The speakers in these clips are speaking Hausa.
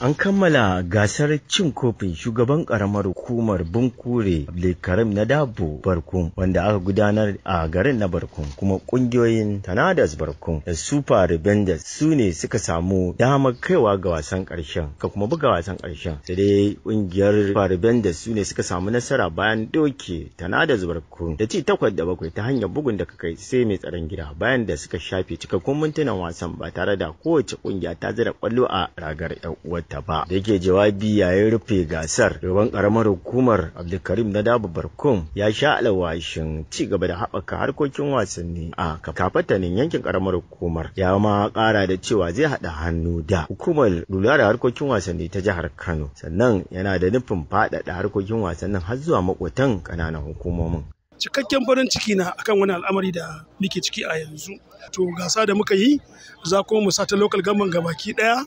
An kammala gasar cin kofin shugaban karamar hukumar Bunkure Abdulkarim na Dabo Barkun wanda aka gudanar a garin na Barkun kuma kungiyoyin Tanadas Barkun da Super Rebenders su ne suka samu damar kaiwa ga wasan karshen ka kuma buga wasan karshen sai dai kungiyar Super Rebenders su ne suka samu nasara bayan doke Tanadas Barkun da ci takwas da bakwai ta hanyar bugun da kai sai mai tsaron gida bayan da suka shafe cikakkun mintunan wasan ba tare da kowace kungiya ta zira kwallo a ragar 'yan ta ba da yake jawabi yayin rufe gasar gaban karamar hukumar abdulkarim na dabu barkun ya sha alwashin ci gaba da haɓaka harkokin wasanni a kafatanin yankin karamar hukumar ya ma ƙara da cewa zai haɗa hannu da hukumar lura da harkokin wasanni ta jihar kano sannan yana da nufin faɗaɗa harkokin wasannin har zuwa makwatan ƙananan hukumomin cikakken farin ciki na akan wani al'amari da muke ciki a yanzu to gasa da muka yi za kuma mu sata local government gabaki daya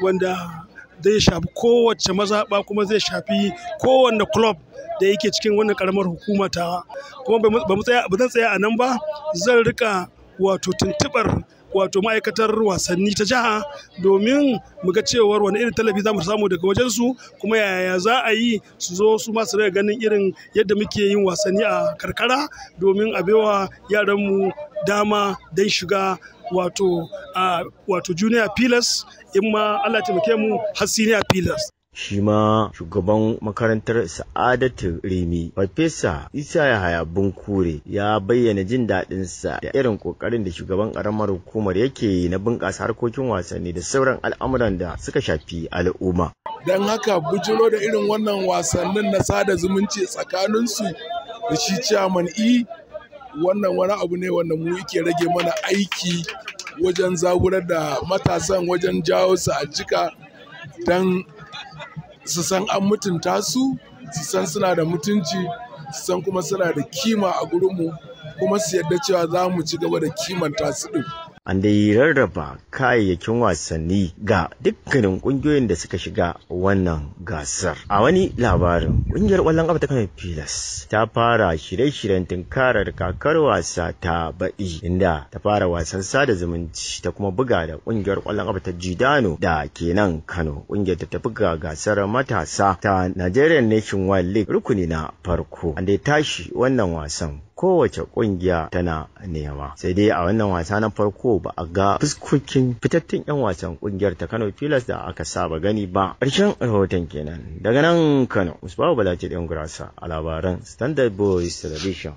wanda zai shafi kowace mazaɓa kuma zai shafi kowane club da yake cikin wannan karamar hukuma ta kuma ba zan tsaya a nan ba zan rika wato tuntubar wato ma'aikatar wasanni ta jiha domin mu ga cewar wani irin talabi za mu samu daga wajensu kuma yaya za a yi su zo su masu daga ganin irin yadda muke yin wasanni a karkara domin a baiwa yaranmu dama don shiga wato wato junior pillars in ma Allah taimake mu har senior pillars shi ma shugaban makarantar sa'adatu remi farfesa isa yahaya bunkure ya bayyana jin daɗinsa da irin ƙoƙarin da shugaban ƙaramar hukumar yake yi na bunƙasa harkokin wasanni da sauran al'amuran da suka shafi al'umma don haka bujiro da irin wannan wasannin na sada zumunci tsakaninsu da shi chairman i e, wannan wani abu ne wanda mu yake rage mana aiki wajen zagurar da matasan wajen jawo su a jika don su san an mutunta su su san suna da mutunci su san kuma suna da kima a gurinmu kuma su yadda cewa za mu ci gaba da kimanta su ɗin. an yi rarraba kayayyakin wasanni ga dukkanin kungiyoyin da suka shiga wannan gasar a wani labarin kungiyar kwallon kafa ta kan pilas ta fara shirye-shiryen tunkarar kakar wasa ta baɗi inda ta fara wasan sada zumunci ta kuma buga da kungiyar kwallon kafa ta jidano da kenan kano kungiyar ta buga gasar matasa ta nigerian nationwide league rukuni na farko an ya tashi wannan wasan kowace kungiya tana nema sai dai a wannan wasa na farko ba a ga fuskokin fitattun yan wasan kungiyar ta Kano filas da aka saba gani ba ƙarshen rahoton kenan daga nan Kano Usman Balaji gurasa a labaran Standard Boys Television